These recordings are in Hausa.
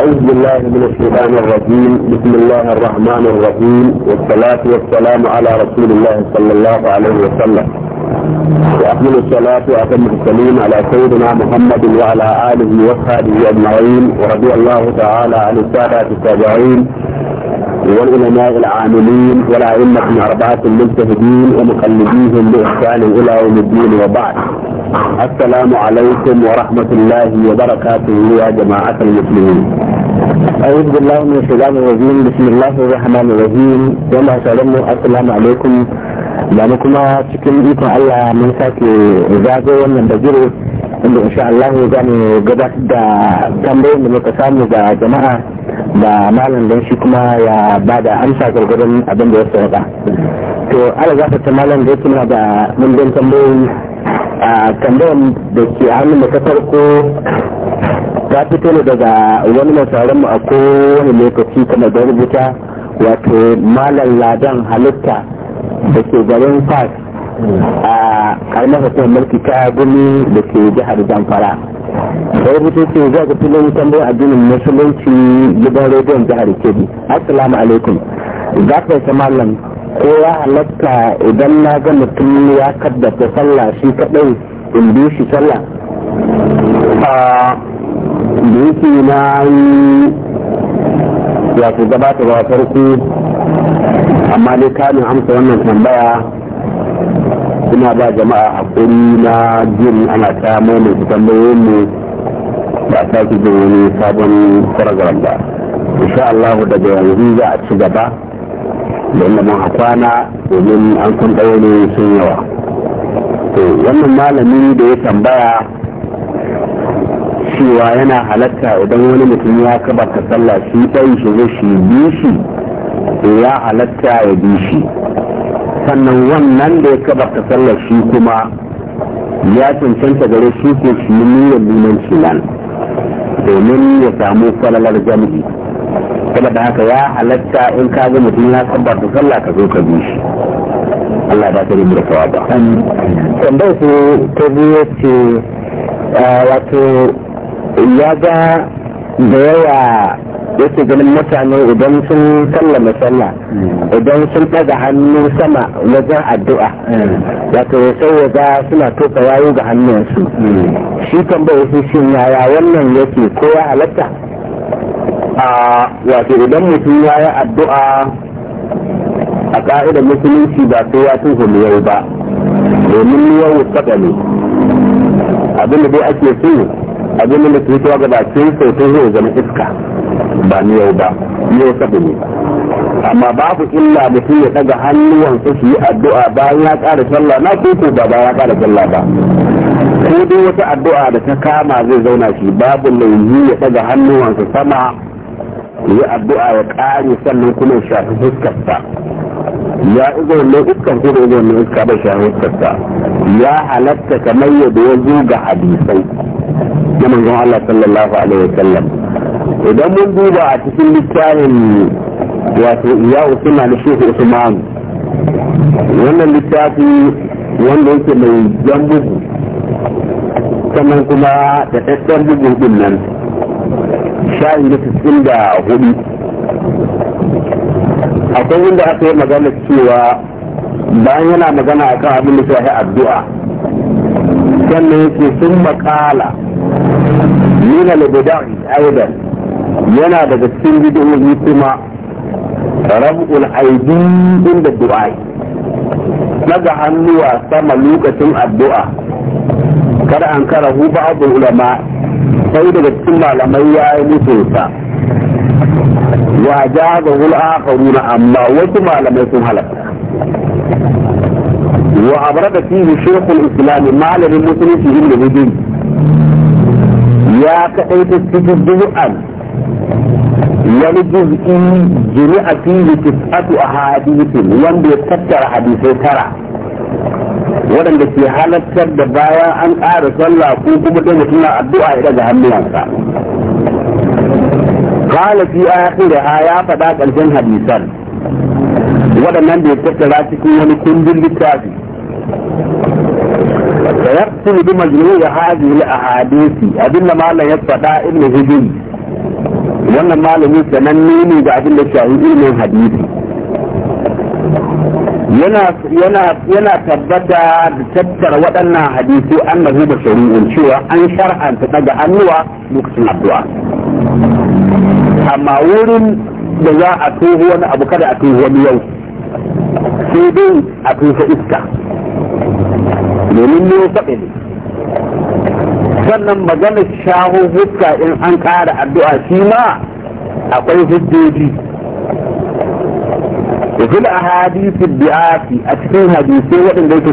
أعوذ بالله من الشيطان الرجيم بسم الله الرحمن الرحيم والصلاة والسلام على رسول الله صلى الله عليه وسلم وأكمل الصلاة وأتم التسليم على سيدنا محمد وعلى آله وصحبه أجمعين ورضي الله تعالى عن السادة التابعين والعلماء العاملين والأئمة الأربعة المجتهدين ومقلديهم بإحسان إلى يوم الدين وبعد السلام عليكم ورحمة الله وبركاته يا جماعة المسلمين أعوذ بالله من الشيطان الرجيم بسم الله الرحمن الرحيم يلا سلام السلام عليكم da kuma cikin ikon Allah mun sake zago wannan da giro inda insha jama'a da malam shi kuma ya ba da amsa gargadon abin ya sauka to za tambayoyi a tambayan da ke hannun da ta farko ta fito ne daga wani mai mu a kowane lokaci kuma da rubuta wato malam ladan halitta da ke garin fas a karamar hukumar mulki ta gumi da ke jihar zamfara da rubuta ce zuwa ga filin tambayar addinin musulunci gidan rediyon jihar kebbi assalamu alaikum za ka yi malam ko ya halatta idan na ga mutum ya kaddata sallah shi kadai in bi shi sallah da yake na yi ya gabata ga farko amma dai kamin amsa wannan tambaya ina ba jama'a hakuri na jin ana ta mai su tambayoyin mu ba a ki jin sabon program ba insha Allah daga yanzu za a ci gaba da a kwana domin an kun ɗaya ne sun yawa to wannan malami da ya tambaya cewa yana halatta idan wani mutum ya kaba ta sallah shi ɗai shi zai shi bi shi ya halatta ya bi shi sannan wannan da ya kaba ta sallah shi kuma ya cancanta gare shi ko shi niyyar limanci nan domin ya samu falalar jami'i saboda haka ya halatta in ka zo mutum ya sabar da sallah ka zo ka bi shi Allah ba ta rubu da tawaba tambayar su ta biyu ce wato ya ga da yawa yake ganin mutane idan sun sallama sallah idan sun ɗaga hannu sama wajen addu'a wato sai ya ga suna toka yayu ga hannunsu hmm. shi tambayar su shin yaya wannan yake kowa halatta a wato idan mutum ya yi addu'a a ka'idar musulunci ba sai ya tuhu yau ba domin yau saba ne abinda dai ake so abinda da su ga bakin sautin zai zama iska ba ni yau ba yau saba ne amma babu illa mutum ya daga hannuwan su yi addu'a bayan ya ƙara sallah na koko ba bayan ya ƙara sallah ba ko dai wata addu'a da ta kama zai zauna shi babu laifi ya daga hannuwansa sama yi addu'a ya ƙare sannan kuma ya shafi fuskarsa ya izo ne iskar ko da izo ne iska bai shafi fuskarsa ya halatta kamar yadda ya zo ga hadisai na manzon Allah sallallahu alaihi wasallam idan mun duba a cikin littafin wato ya usuna da shehu usman wannan littafi wanda yake mai jan bugu sannan kuma da ɗaɗɗen bugun din nan shain na tasirin da hudu akwai inda aka yi magana cewa bayan yana magana a kan abin da shahi addu'a sannan yake sun makala nuna libidai aidan yana daga cikin bidiyoyi kuma rabu'ul aidi da du'ai daga hannuwa sama lokacin addu'a kada an karahu ba'd ulama sai daga cikin malamai ya yi mutunta wa ja ga wul'akharuna amma wasu malamai sun halaka وأبرد فيه شيخ الإسلام ما للمسلم فيه الهدي يا كأيت السجد جزءا ولجزء جمع فيه تسعة أحاديث ينبغي تكتر حديثي ترى waɗanda ke halartar da baya an ƙara sallah ko kuma dai mutum na addu'a ya daga hannuwansa qala fi akhiriha ya faɗa ƙarshen hadisan waɗannan da ya tattara cikin wani kundin littafi da ya fi bi majmu'i hadhihi al-ahadisi abin da malam ya faɗa ibn hijri wannan malami sananne ne ga abin da shahi ilmin hadisi yana tabbata da tattara waɗannan hadisi na da shari'un cewa an shar'anta daga annuwa lokacin addu'a amma wurin da za a tuhu wani abu kada a tuhu wani yau sai dai a tuhu iska domin ne saɓe ne sannan maganar shaho hukka in an ƙara addu'a shi ma akwai hujjoji وفي waɗanda الضعافي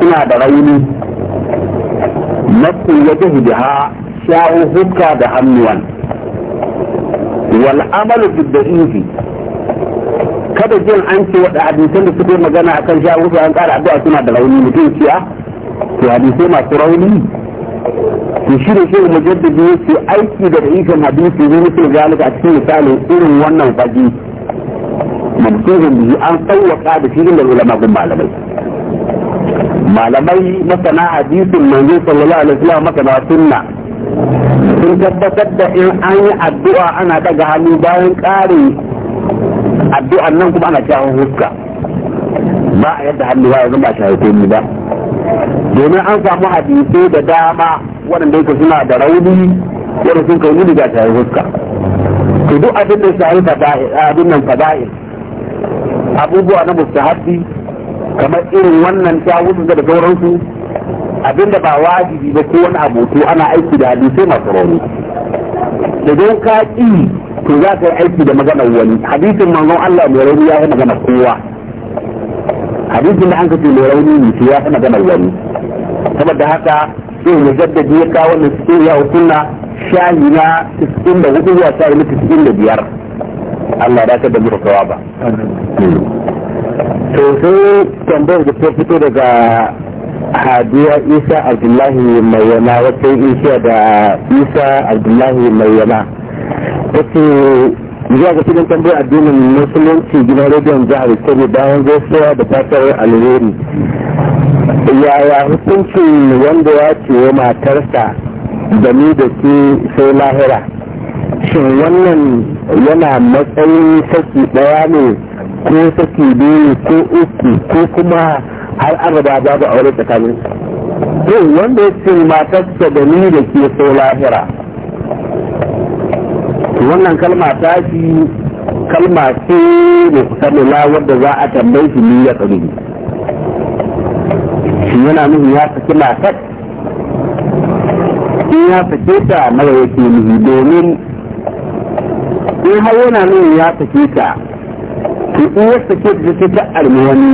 suna da rauni ليس سنة دغيني نفس يده بها da هكا دهنوان والعمل في الضعيف kada jin an ce wadda hadisan da suke magana akan shawo an ƙara addu'a suna da rauni mutum ciya ah, to hadisai masu rauni to shi da shehu mujaddidi aiki da da'ifin hadisi ne mutum galika a cikin misalin irin wannan fage mantuhun bihi an tsawwaka da shirin da ulama gun malamai malamai masana hadisin manzo sallallahu alaihi wasallam masana sunna sun tabbatar da in an yi addu'a ana daga hannu bayan kare addu'an nan kuma ana shafin huska ba a yadda hannu ba ya zama shafi komi ba domin an samu hadisai da dama waɗanda yake suna da rauni wanda sun kauni daga shafi huska to duk abin da shafi abin nan fada'il abubuwa na mustahabbi kamar irin wannan ta da sauransu abinda ba wajibi ba ko wani abu ana aiki da hadisai masu rauni idan ka ƙi to za ka yi aiki da maganar wani hadisin manzon Allah mai rauni ya yi magana kowa hadisin da an kace mai rauni ne ya fi maganar wani saboda haka sai ya jaddadi ya kawo wannan cikin ya hukunna shayi na 64 zuwa shayi na 65 Allah da ta da kawa ba to sai tambayar da ta fito daga hadiya isa abdullahi mai yana wata isha da isa abdullahi mai yana wata zuwa ga cikin tambayar addinin musulunci gidan rediyon jihar kebbi bayan gaisuwa da fatar alheri yaya hukuncin wanda ya ce matarsa da ni da ke sai lahira shin wannan yana matsayin saki ɗaya ne ko saki biyu ko uku ko kuma har abada babu aure tsakanin to wanda ya ce matarsa da ni da ke so lahira wannan kalma ta fi kalma ce da kusa wadda za a tambayi shi ni ya tsari shi yana nuhu ya saki matar in ya sake ta mara yake nufi domin in har yana nuna ya sake ta to in ya sake ta ta ta armi wani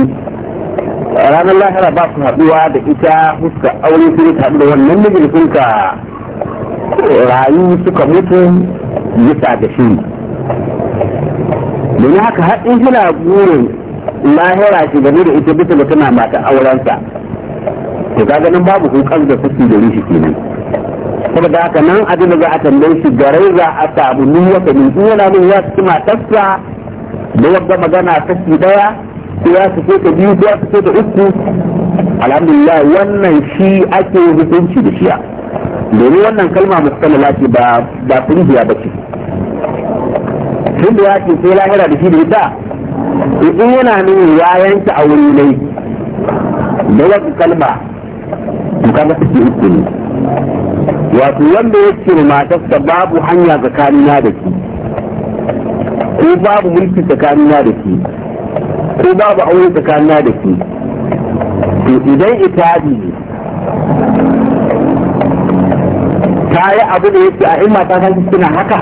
ranar lahira ba su haɗuwa da ita fuska aure sun haɗu da wannan mijin sun ka rayu suka mutu bisa da shi domin haka haɗin suna burin lahira shi game da ita bisa da tana mata aurensa to ka ganin babu hukar da fuski da rishi kenan saboda haka nan abin da za a tambaye shi garai za a samu ni ya kani in yana min ya ci matarsa da wanda magana kashi daya ko ya fito ta biyu ko ya fito ta uku alhamdulillah wannan shi ake hukunci da shiya domin wannan kalma musallala ce ba ba kungiya ba ce tun da ya ce sai lahira da shi da ita in yana min ya a wuri ne da wata kalma to kaga take uku ne wato wanda ya ce matarsa babu hanya tsakanina da ke ko babu mulki tsakanina da ke ko babu aure tsakanina da ke to idan itabi ne ta yi abu da yake a in mata ta suna haka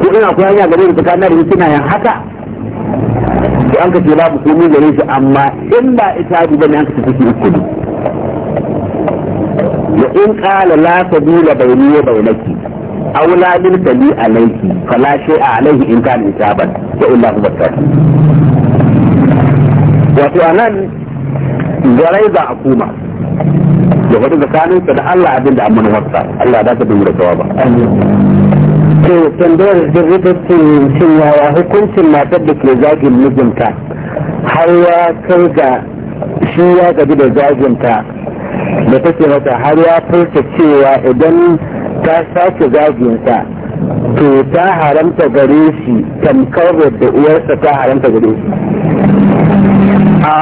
ko ina ku hanya gare da tsakanina da suna yan haka to an ka ce babu komai gare shi amma in ba itabi bane an ka ce kike uku in qala la sabila bayni wa bainaki aw la bil sali alayki fala a alaihi in kana isaban wa illa huwa tawfiq wato anan garai za a kuma da wani ta da Allah abin da amma wasa Allah da ta dubura tawaba to tambayar da rida shin yawa hukuncin matar da ke zagin mijinta har ya kai ga shi ya gabi da zaginta da take mata har ya furta cewa idan ta sake zaginsa to ta haramta gare shi tamkar da uwarsa ta haramta gare shi a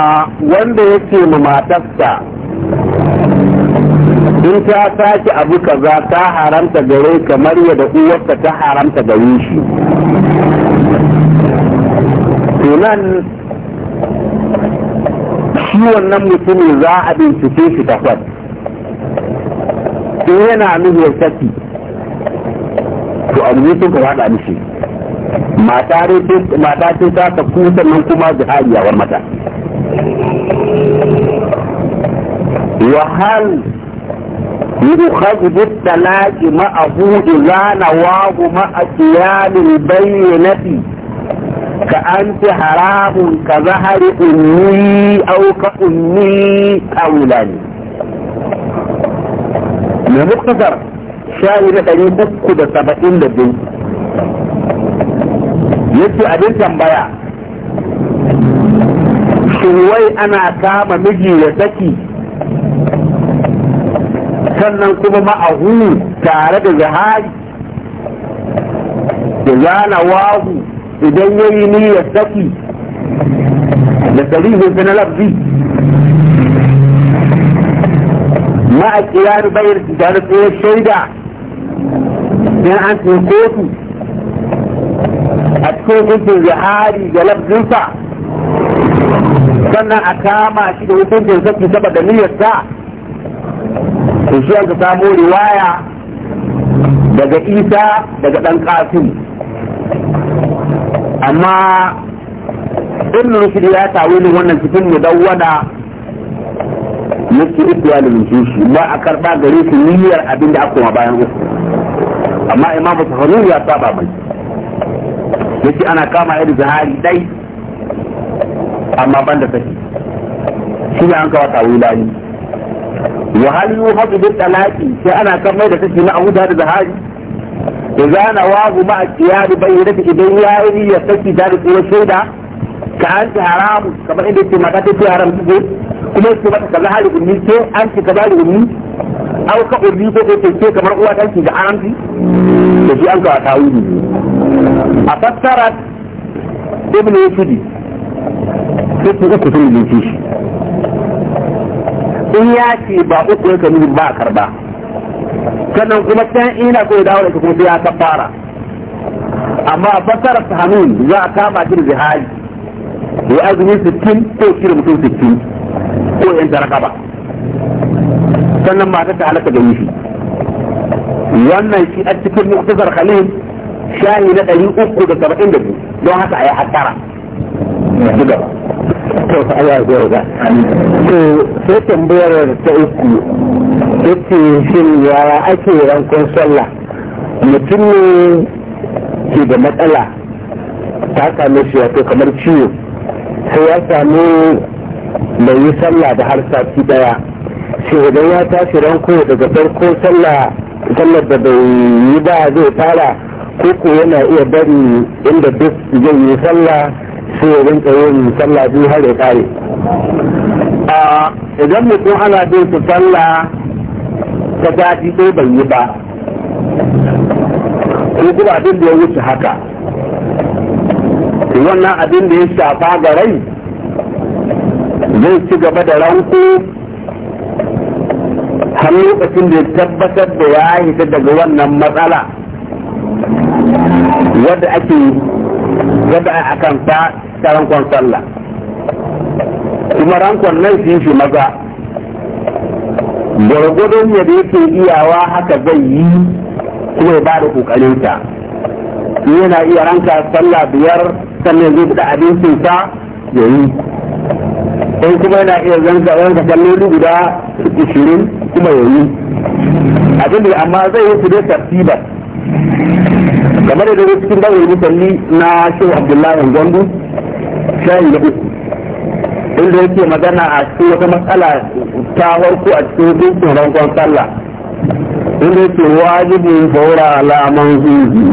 wanda yake ma matarsa in ta sake abu kaza ta haramta gare kamar yadda uwarsa ta haramta gare shi nan shi wannan mutumin za a bincike shi takwas ko yana nuhiyar saki to abu ne sun ka haɗa mishi mata ce ta ta ku sannan kuma jihari yawar mata وهل يؤخذ بالطلاق معه إذا نواه مع قيام البينة كأنت حرام كظهر أمي أو كأمي قولا mai muktasar sha'i na ɗari uku da saba'in da biyu yace abin tambaya shin wai ana kama miji ya saki sannan kuma ma'ahu tare da zahari da zana wahu idan ya yi ya saki da tarihin na labzi ma a kirar bayar da rantsuwar shaida in an tsaye kotu a cikin hukuncin zihari da lafzinsa sannan a kama shi da hukuncin sassi da niyarsa to shi ta samo riwaya daga isa daga ɗan ƙasim amma ibn rushd ya tawilin wannan cikin mudawwana mutu ikiya da shi ba a karba gare shi niyyar abin da aka koma bayan uku amma imamu tafarur ya saba mai ce ana kama yadda zahari dai amma ban da saki shi ne an kawo tawilani wa hal yuhadu bi talaki sai ana kamar da saki na abu da zahari idza nawahu ma qiyad ta idan yayi ya saki da kuma shaida ka an haramu kamar inda ce maka ta haram ce kuma yake mata kaza hali ummi ke an ki kaza hali ummi au ka ummi ko ko ke kamar uwa ta ki ga aranti da shi an ka tawili a fassara ibn yusudi sai ku uku sun yi shi in ya ce ba uku ya kanu ba a karba sannan kuma can ina ko ya dawo da kuma sai ya kafara amma a fassara sahanun za a kama shi da zihari ya azumi sittin ko shi da mutum sittin. ko yanta rakaba sannan matar ta halatta da wifi wannan shi a cikin muktasar khalil shahi na ɗari uku da saba'in da biyu don haka a yi hattara to sai tambayar ta uku yake shin yaya ake rankon sallah mutum ne ke da matsala ta same shi wato kamar ciwo sai ya samu bai yi sallah da har sati daya shi idan ya tashi ranko daga farko sallah sallar da bai yi ba zai fara koko yana iya bari inda duk zai yi sallah sai ya rinka yin sallah biyu har ya kare idan mutum ana bin su sallah ta daji ko bai yi ba ko kuma abin da ya wuce haka wannan abin da ya shafa ga rai zai ci gaba da ranko har lokacin da ya tabbatar da ya daga wannan matsala wadda ake gaba a kan ta rankon sallah kuma rankon nan shi shi maza gwargwadon da yake iyawa haka zai yi kuma ya ba da kokarinta yana iya ranka sallah biyar sannan zai fita abincinsa ya yi sai kuma yana iya zanka zanka salloli guda ishirin kuma yayi abin da amma zai yi su dai tartiba kamar da dai cikin dawai musalli na shehu abdullahi gwandu shayi da uku inda yake magana a cikin wata matsala ta warko a cikin dukkan rankon sallah inda ke wajibi faura alaman zuzi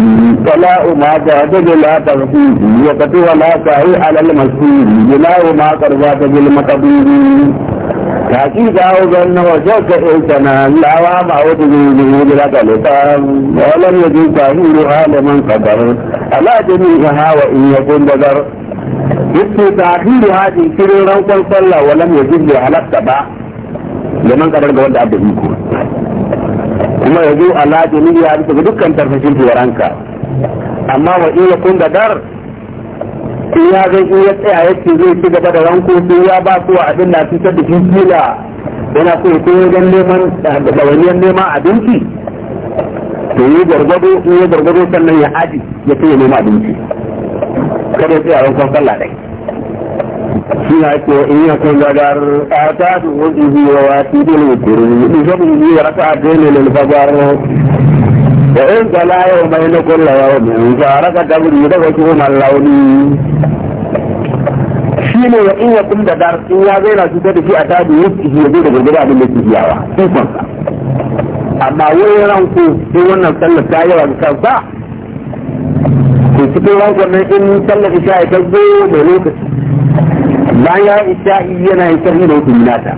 tala'u ma ta dabi ta sunji ya kati wa la sa'i alal masiri jila'u ma karba ta bil makabiri hakika wajen na wajen ka ɗauka na lawa ma wata zuzi ne da ka lefa walam ya ji sahiru man kadar ala jini ka hawa in ya kun bazar yake yi hajin kirin rankon sallah wala ne ji bai halatta ba man kadar ga wanda abin iko kuma ya zo ala jini ya bisa ga dukkan tarfashin tuwaranka amma wa iya kun da dar in ya zai in ya tsaya ya ce zai ci gaba da ranko sai ya ba su abin na fitar da shi kila yana so ya koyo wajen neman ɗawainiyar neman abinci to yi gargado in ya gargado sannan ya haji ya ce ya nema abinci kada ya tsaya ranko sallah ɗai فيها وإن يكون قدر آتات وجهه وواسيد الوتر بفضله ركعتين للفجر وإن صلى يومين wa in yakun da dar in ya zaina su a da gurgurda abin da ke yawa amma wai ranku sai wannan sallar ta da kansa cikin in sallar isha zo da lokaci bayan isha'i yana yin sarri da hukumi nata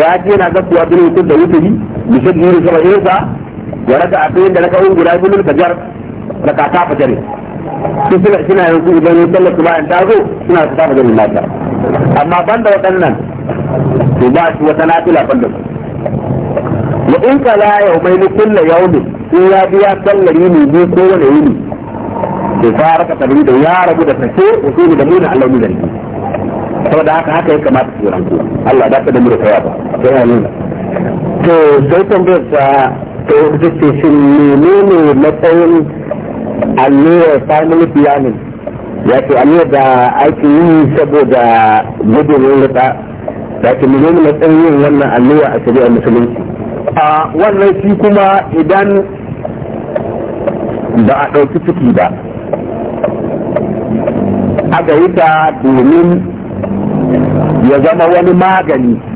ya ce yana gaskiya bin hukun da wuce hukumi bishin yiri saba yinsa ya raka a tsayin da raka un guda biyu ka jar da ka tafa jari su suna suna yin su idan yin sallar bayan ta zo suna su tafa jari nata amma ban da waɗannan to ba su wata nafila ban da su wa in kala yau mai ni kulla yau ne sai ya biya sallar yini biyu ko wani yini da faraka tabi da ya rabu da sake usuli da muna Allah ne saboda haka haka ya kamata su ranku Allah da ka da mu tawaba to ya nuna to sai tambayar ta to da ce shin menene matsayin allurar family planning ya ce allurar da ake yi saboda gudun rika ya ce menene matsayin yin wannan allura a shari'ar musulunci a wannan shi kuma idan ba a ɗauki ciki ba agaita domin ya zama wani magani